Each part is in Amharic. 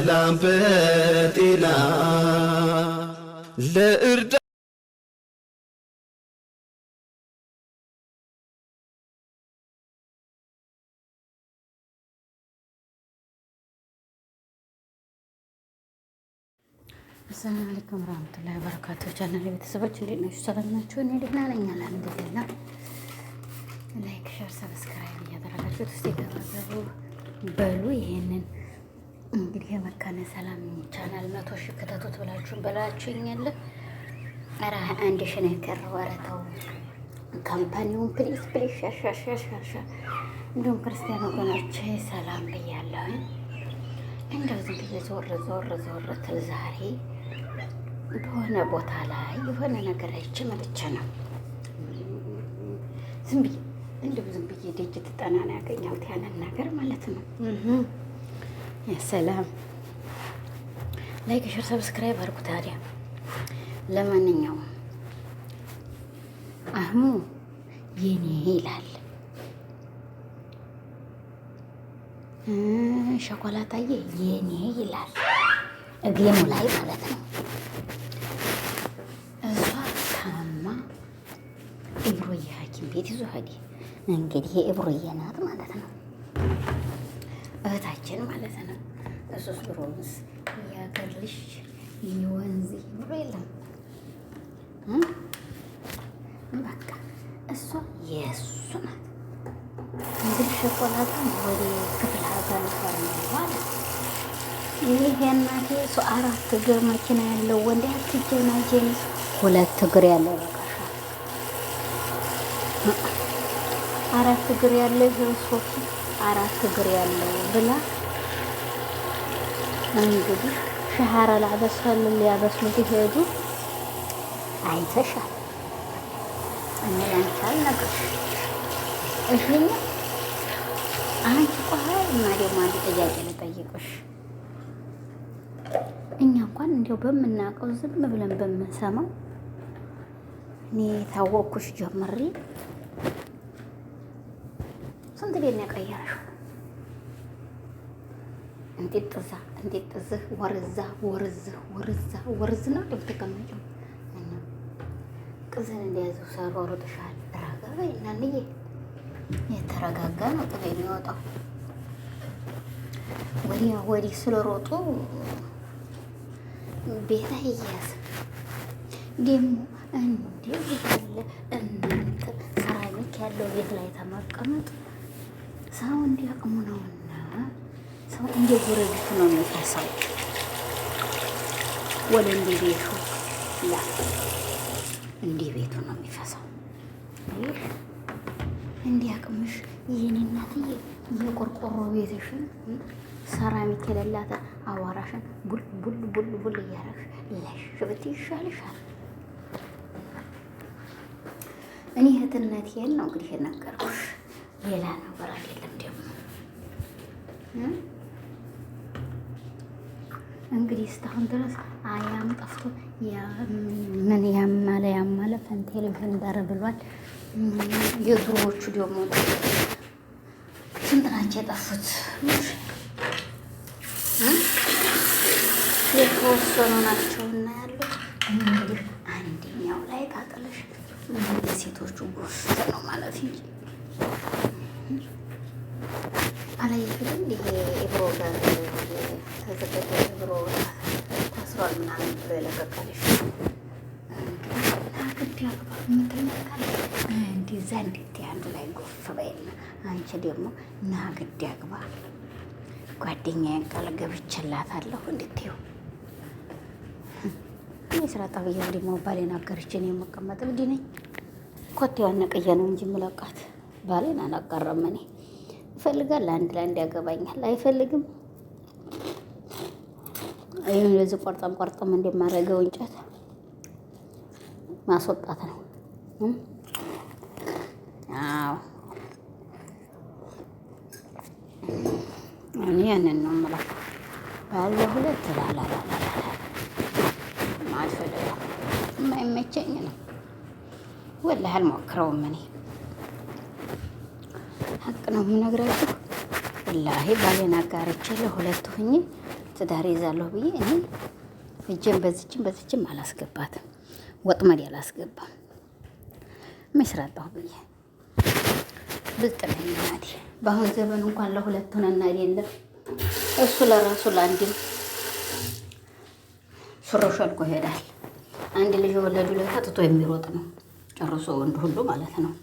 በሰላም በጤና ለእርዳ አሰላሙ አለይኩም ወራህመቱላሂ ወበረካቱ። ቻናል ቤተሰቦች እንዴት ናችሁ? ሰላም ናችሁ? እኔ ደህና ነኝ፣ አልሐምዱሊላህ። ላይክ፣ ሼር፣ ሰብስክራይብ እያደረጋችሁት እስቲ ገባገቡ በሉ ይሄንን የመካነ ሰላም ቻናል መቶ ሺህ ክተቱት ብላችሁን ብላችሁኝ የለ ኧረ አንድ ሺህ ነው የቀረው። ኧረ ተው ካምፓኒውን ፕሊስ ፕሊስ ሻሻሻሻሻ እንዲሁም ክርስቲያን ወገኖች ሰላም ብያለሁኝ። እንደው ዝም ብዬ ዞር ዞር ዞር ትል ዛሬ በሆነ ቦታ ላይ የሆነ ነገር አይቼ መጥቼ ነው ዝም ብዬ እንዲሁ ዝም ብዬ ደጅ ትጠና ያገኘሁት ያንን ነገር ማለት ነው። ሰላም ላይክ፣ ሸር፣ ሰብስክራይብ አድርጉ። ታዲያ ለማንኛውም አህሙ የኔ ይላል። ሸኮላታዬ የኔ ይላል። እግሙ ላይ ማለት ነው። እሷ ታማ እብሮዬ ሐኪም ቤት ይዞ ሄደ። እንግዲህ የእብሮዬ ናት ማለት ነው፣ እህታችን ማለት ነው። ከሶስት ብር ወንዝ የሀገር ልጅ የወንዝ ብሎ የለም። በቃ እሷ የእሱ ናት። እንግዲህ ሸቆላታ ወደ ክፍለ ሀገር ነበር ማለት ይህ እናቴ ሰው አራት እግር መኪና ያለው ወንድ ያትጀና ጀንስ ሁለት እግር ያለው አራት እግር ያለው ሶፊ አራት እግር ያለው ብላ እንግዲህ ሸሀረ ላበሰል ሊያበስሉ ሲሄዱ አይተሻል እኔ አንቺ አልነግርሽ እሽኛ አንቺ ቆሃ እና ደግሞ አንድ ጥያቄ ልጠይቅሽ እኛ እንኳን እንዲያው በምናውቀው ዝም ብለን በምንሰማው እኔ ታወቅኩሽ ጀምሬ ስንት ቤት ነው የቀየረሽው እንዴት እዛ እንዴት እዚህ ወርዛ ወርዝ ወርዛ ወርዝ ነው የምትቀመጪው። ቅዝን እንደያዘው ሲያሯሩጥሻል። ረጋ በይ እናንዬ። የተረጋጋ ነው ጥሬ የሚወጣው። ወዲያ ወዲህ ስለሮጡ ቤት አይያዝም። ደግሞ እንዲህ ያለ እናንተ ሰራሚክ ያለው ቤት ላይ ተመቀመጥ ሰው እንዲያቅሙ ነውና ሰው እንደ ጎረቤት ነው የሚፈሰው ወደ እንደ ቤቱ ላ እንደ ቤቱ ነው የሚፈሰው። ይህ እንዲህ አቅምሽ ይህን እናትዬ የቆርቆሮ ቤትሽን ሰራሚክ የሌላት አዋራሽን ቡል ቡል ቡል ቡል እያረግሽ ለሽ ብትይ ይሻልሻል። እኔ እህትነት ይሄን ነው እንግዲህ የነገርኩሽ፣ ሌላ ነገር አይደለም ደግሞ እንግዲህ እስካሁን ድረስ አያም ጠፍቶ ምን ያማለ ያማለ ፈንቴል በር ብሏል። የድሮዎቹ ደግሞ ስንት ናቸው የጠፉት? የተወሰኑ ናቸው እና ያሉት እንግዲህ አንደኛው ላይ ታጠለሽ የሴቶቹ ጎፍት ነው ማለት እንጂ አላየሽም ይሄ ፕሮግራም ተዘጋጅ ሰርቷል ምናምን ብሎ የለቀቀልሽ ግድ ያግባ የምትመካል እንዲዛ እንዴት አንዱ ላይ ጎፍ በይና፣ አንቺ ደግሞ ና ግድ ያግባ ጓደኛዬን ቃል ገብቼላታለሁ። እንዴት እኔ ስራ ጣብያ ደግሞ ባሌን አገርችን የመቀመጥ እብድ ነኝ። ኮቴዋን ነቅዬ ነው እንጂ የምለቃት ባሌን አላቀረም። እኔ ይፈልጋል፣ ለአንድ ለአንድ ያገባኛል፣ አይፈልግም ይህን ለዚህ ቆርጠም ቆርጠም እንደማደርገው እንጨት ማስወጣት ነው። አዎ እኔ ያንን ነው የምለው። ባለ ሁለት ላላላ ማልፈልገው የማይመቸኝ ነው። ወላሂ አልሞክረውም። እኔ ሀቅ ነው የምነግራችሁ። ወላሂ ባሌን አጋርቼ ለሁለቱ ሁኜ ትዳር ይዛለሁ ብዬ እኔ እጄን በዚችም በዚችም አላስገባትም፣ ወጥመድ አላስገባም። መስራጣሁ ብዬ ብልጥ ነኝ እናቴ። በአሁን ዘመን እንኳን ለሁለት ሆነና የለም እሱ ለራሱ ለአንድም ሱሪ ሾልኮ ይሄዳል። አንድ ልጅ የወለዱ ለታ ትቶ የሚሮጥ ነው ጨርሶ ወንድ ሁሉ ማለት ነው።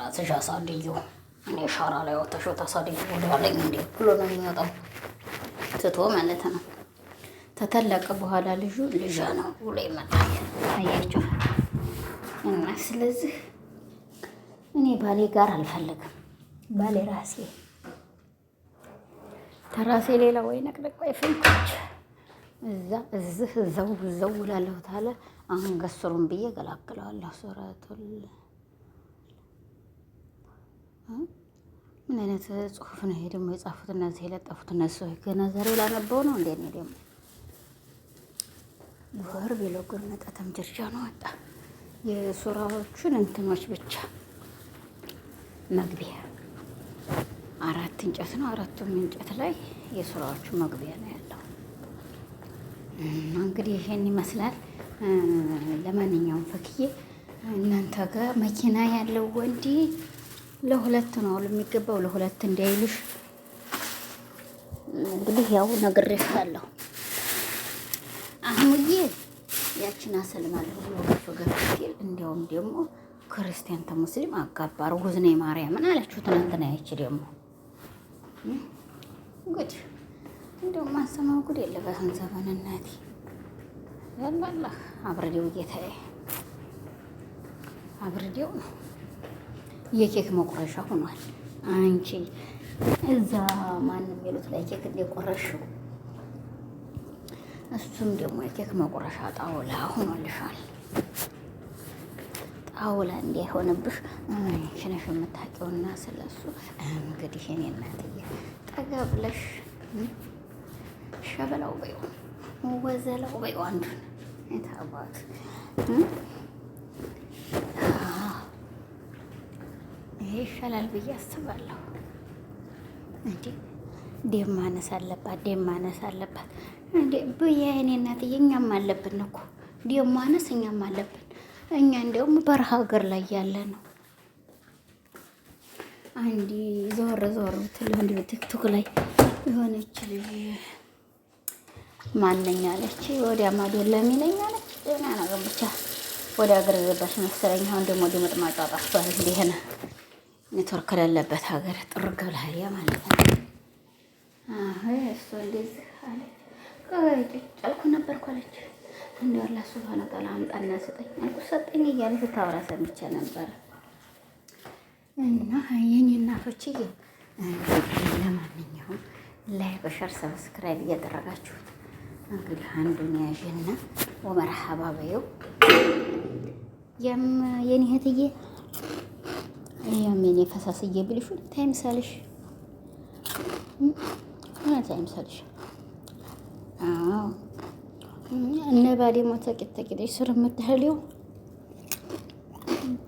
ራስሽ አሳድዩ እኔ ሻራ ላይ ወተሾ ታሳድጊ ወደኋላ እንዴ ብሎ ነው የሚወጣው። ትቶ ማለት ነው። ተተለቀ በኋላ ልጁ ልጃ ነው ብሎ ይመጣል። አያቸው እና ስለዚህ እኔ ባሌ ጋር አልፈልግም። ባሌ ራሴ ተራሴ ሌላ ወይ ነቅደቅ ፈንኮች እዛ እዚህ እዛው እዛው ውላለሁ ታለ አሁን ስሩን ብዬ ገላግለዋለሁ ሱረቱል ምን አይነት ጽሁፍ ነው ይሄ ደግሞ? የጻፉት እነዚህ የለጠፉት እነሱ ገና ዛሬ ላነበው ነው እንዴ? እኔ ደግሞ ጎር ቢሎ ጎር መጣተም ጀርጃ ነው ወጣ። የሱራዎቹን እንትኖች ብቻ መግቢያ አራት እንጨት ነው። አራቱም እንጨት ላይ የሱራዎቹ መግቢያ ነው ያለው። እንግዲህ ይሄን ይመስላል። ለማንኛውም ፈክዬ እናንተ ጋር መኪና ያለው ወንዴ? ለሁለት ነው የሚገባው፣ ለሁለት እንዳይልሽ እንግዲህ ያው ነግሬሻለሁ። አህሙዬ ያችን አሰልማለሁ ብሎ ገፍ ገፍ ሲል እንዲያውም ደግሞ ክርስቲያን ተሙስሊም አጋባ እርጉዝ ነኝ ማርያምን አለችው ትናንትና። ያች ደግሞ ጉድ እንደው ማሰማው ጉድ የለ በአሁን ዘመን እናቴ ያላላ አብረዴው ጌታዬ አብረዴው ነው የኬክ መቁረሻ ሆኗል። አንቺ እዛ ማንም የሚሉት ላይ ኬክ እንደቆረሽው እሱም ደግሞ የኬክ መቁረሻ ጣውላ ሆኖልሻል። ጣውላ እንዳይሆንብሽ ሽነሽ ነሽ የምታውቂውና ስለሱ እንግዲህ እኔ እናትዬ ጠጋ ብለሽ ሸበላው በይው ወዘላው በይው አንዱን የታባት ይሻላል ብዬ አስባለሁ። እንዴ ደም ማነስ አለባት፣ ደም ማነስ አለባት እንዴ ብዬ እኔ እናትዬ፣ እኛም አለብን እኮ ደም ማነስ፣ እኛም አለብን። እኛ እንደውም በረሃ ሀገር ላይ ያለ ነው። አንዲ ዞር ዞር ብትል አንድ ቲክቶክ ላይ የሆነች ልጅ ማነኛለች ወዲያ ማዶ ለሚለኛለች ደህና ነገር ብቻ ወደ ሀገር ዘባሽ መሰለኝ። አሁን ደግሞ ወደ መጥማጫ እንዲህ እንደሆነ ኔትወርክ ከሌለበት ሀገር ጥርግ ብለህ ማለት ነው። እሱ እንደዚህ ጨልኩ ነበርኩ አለች። እንዲያው አላህ ሱብሃነ ወተዓላ አምጣና ስጠኝ አልኩ ሰጠኝ እያለ ስታወራ ሰምቼ ነበረ። እና የኔ እናቶች ለማንኛውም ላይ በሸር ሰብስክራይብ እያደረጋችሁት እንግዲህ አንዱን ያዥና ወመርሀባ በይው የኔ እህትዬ ያሜን የፈሳስዬ ብልሹ ታይምሳልሽ ታይምሳልሽ እነ ባሌ ሞተ ቂጥ ተቂጥሽ ስር የምትህሊው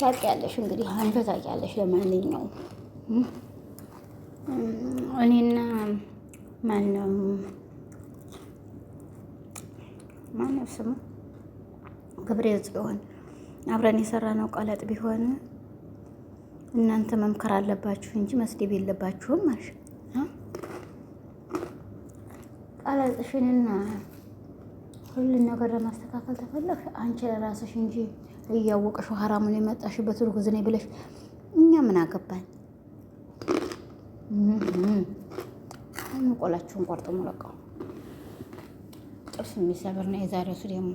ታውቂያለሽ። እንግዲህ አንተ ታውቂያለሽ። ለማንኛውም እኔና ማነው ማነው ስሙ ግብረ ጽዮን አብረን የሰራ ነው ቀለጥ ቢሆን እናንተ መምከር አለባችሁ እንጂ መስደብ የለባችሁም። አልሽ ቀለጥሽንና ሁሉን ነገር ለማስተካከል ተፈለግሽ አንቺ ለራስሽ እንጂ እያወቅሽ ሀራሙን የመጣሽበት ርኩዝ ነኝ ብለሽ እኛ ምን አገባኝ? ቆላችሁን ቆርጦ ሙለቀው ጥርስ የሚሰብር ነው የዛሬው እሱ ደግሞ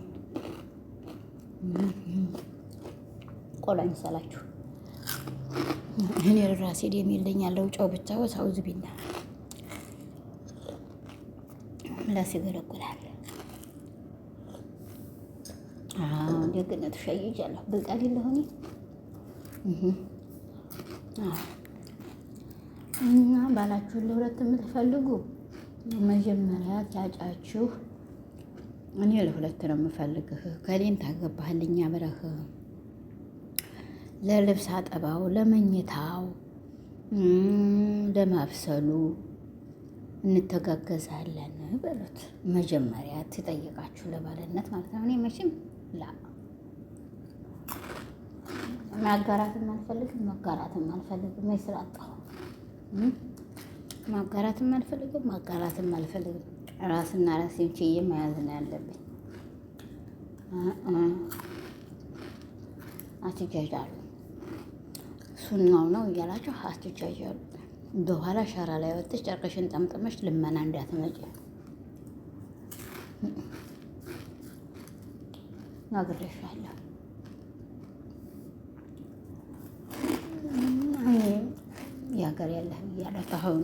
ቆላ ይሰላችሁ። እኔ ራሴ ደም የለኝ ያለው ጨው ብቻ ወሳው ዝቢና ምላስ ይገለግላል። አዎ ደግነቱ ሸይጃለሁ። ብልጥ አይደለሁ እኔ እና ባላችሁን ለሁለት የምትፈልጉ መጀመሪያ ጫጫችሁ እኔ ለሁለት ነው የምፈልግህ ከሌን ታገባህልኛ ብለህ ለልብስ አጠባው፣ ለመኝታው፣ ለማብሰሉ እንተጋገዛለን በሉት። መጀመሪያ ትጠይቃችሁ ለባልነት ማለት ነው። እኔ መቼም ላ ማጋራትም አልፈልግም፣ መጋራትም አልፈልግም። ይስራጣሁ ማጋራትም አልፈልግም፣ ማጋራትም አልፈልግም። ራስና ራሴን ችዬ መያዝ ነው ያለብኝ። አትጃጃሉ ሱናው ነው እያላቸው አትጃጃሉ። በኋላ ሸራ ላይ ወጥሽ ጨርቅሽን ጠምጥመሽ ልመና እንዳትመጪ ነግሬሻለሁ። የሀገር ያለህ እያለ ታሆኑ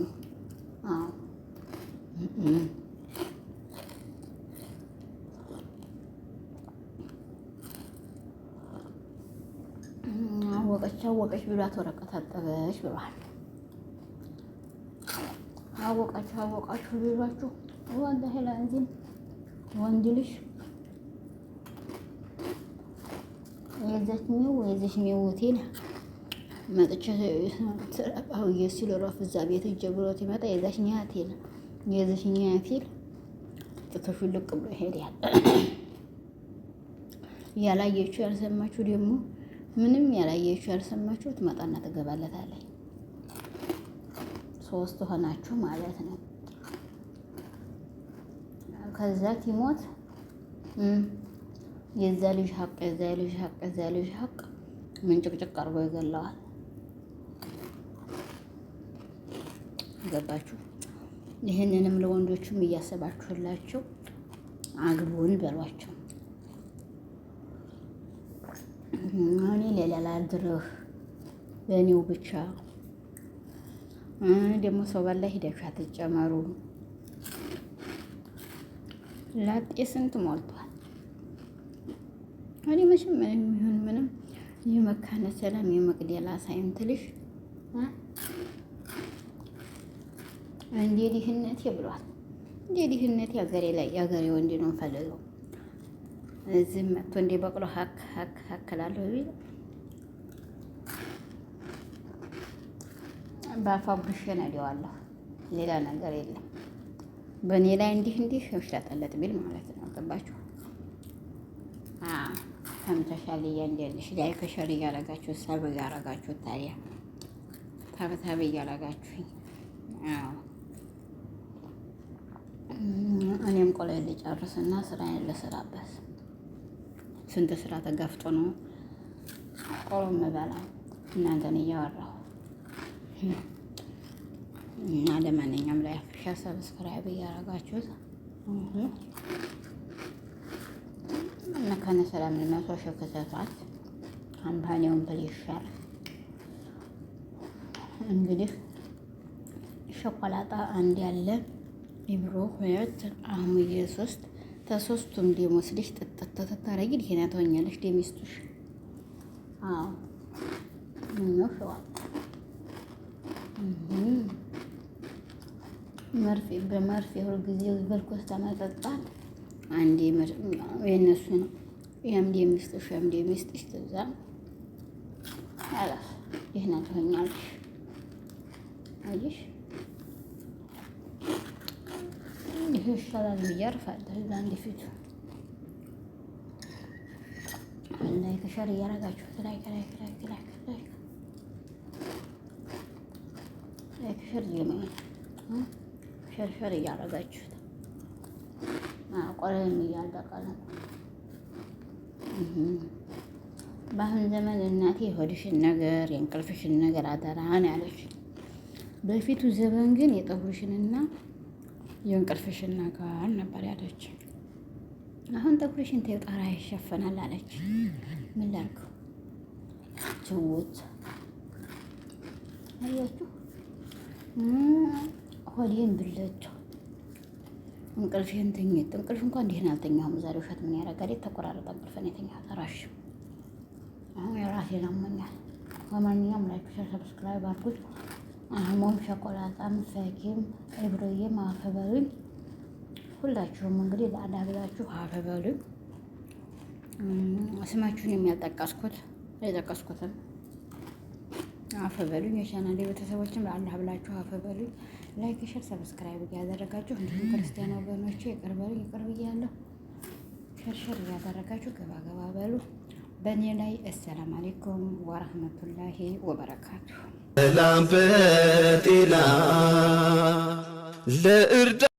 አወቀች ብሏት ወረቀት አጠበች ብሏል። አወቃችሁ አወቃችሁ ቢሏችሁ ወላሂ ወንድ ልጅ የዛችኛው የዛችኛው ሆቴል መጥቼ ሰራቃሁዬ ሲል ሮፍ እዛ ቤት እጀ ብሎት ይመጣ የዛችኛ ሆቴል የዛችኛ ሆቴል ጥቶሹ ልቅ ብሎ ይሄዳል። ያላየችው ያልሰማችሁ ደግሞ ምንም ያላየችሁ ያልሰማችሁ ትመጣና ትገባለታለች። ሶስት ሆናችሁ ማለት ነው። ከዛ ቲሞት የዛ ልጅ ሀቅ የዛ ልጅ ሀቅ የዛ ልጅ ሀቅ ምንጭቅጭቅ አድርጎ ይገለዋል። ገባችሁ? ይህንንም ለወንዶቹም እያሰባችሁላቸው አግቡን በሏቸው። እኔ ሌላ ላድርህ በእኔው ብቻ ደግሞ ሰው ባላ ሂዳችሁ አትጨመሩ። ላጤ ስንት ሞልቷል። እኔ መቼም ምንም ይሁን ምንም የመካነ ሰላም የመቅደላ ሳይንት ልጅ እንዴ ድህነቴ ብሏል። እንዴ ድህነቴ አገሬ ላይ የአገሬ ወንድ ነው ፈልገው እዚህ መጥቶ እንደ በቅሎ ሀክ ሀክ ሀክ እላለሁ። በአፋ ቡሽ ነዲዋለሁ። ሌላ ነገር የለም። በእኔ ላይ እንዲህ እንዲህ እሽላጠለጥ ቢል ማለት ነው። ገባችሁ? ከምተሻል እያንዳንሽ ላይ ከሸር እያረጋችሁ ሰብ እያረጋችሁ ታዲያ ታብታብ እያረጋችሁኝ እኔም ቆሎ ልጨርስና ስራዬን ልስራበት። ስንት ስራ ተጋፍጦ ነው ቆሎ መበላ እናንተን እያወራሁ እና ለማንኛውም ላይ አፍሪሻ ሰብስክራይብ እያረጋችሁት መካነ ሰላም መቶ ሺህ ክተቷት ካምፓኒውን ብል ይሻል እንግዲህ ሸኮላጣ አንድ ያለ ኢብሮ ሁለት አህሙዬ ሶስት ተሶስቱም ደም ወስደሽ ጥጥት ተታረጊ ዲህና ተወኛለሽ። ደም መርፌ በመርፌ ሁልጊዜ በልኮስታ መጠጣት አንዴ የነሱ ነው። ያም ደም ይስጥሽ፣ ያም ደም ይስጥሽ። ትዛ ዲህና ተወኛለሽ። አየሽ ይሄ ይሻላል ብያርፋለሁ። ለአንድ ፊቱ እና የተሻለ እያረጋችሁት ላይክ ላይክ ላይክ ላይክ ላይክ ላይክ ሸር ጀመረ ሸር ሸር እያረጋችሁት ቆለም እያለቀ በአሁን ዘመን እናቴ የሆድሽን ነገር የእንቅልፍሽን ነገር አደራህን ያለች። በፊቱ ዘመን ግን የጠጉርሽንና የእንቅልፍሽን ነገር ነበር ያለች። አሁን ጠጉርሽን ተይው ጣራ ይሸፈናል አለች። ምን ላድርግ ችውት አያችሁ ሆዴን ብለችው እንቅልፌን ተኝት እንቅልፍ እንኳን እንዲህን አልተኛሁም ዛሬ። ውሸት ምን ያደርጋል? የተቆራረጠ እንቅልፍን የተኛ ተራሽ አሁን የራሴን አሞኛል። ለማንኛውም ላይክ፣ ሸር፣ ሰብስክራይብ አድርጉት። አህሞም ሸቆላጣም ፈኪም ኢብሮዬም አፈበሉኝ። ሁላችሁም እንግዲህ ለአዳ ብላችሁ አፈበሉኝ። ስማችሁን የሚያልጠቀስኩት የጠቀስኩትም አፈበሉኝ። የቻናሌ ቤተሰቦችም ለአላህ ብላችሁ አፈበሉኝ። ላይክ፣ ሸር፣ ሰብስክራይብ እያደረጋችሁ እንዲሁም ክርስቲያን ወገኖቼ ይቅርበሉኝ፣ ይቅርብ እያለሁ ሸርሸር እያደረጋችሁ ገባ ገባ በሉ በእኔ ላይ። አሰላም አሌይኩም ወረህመቱላሂ ወበረካቱሁ። ሰላም በጤና ለእርዳ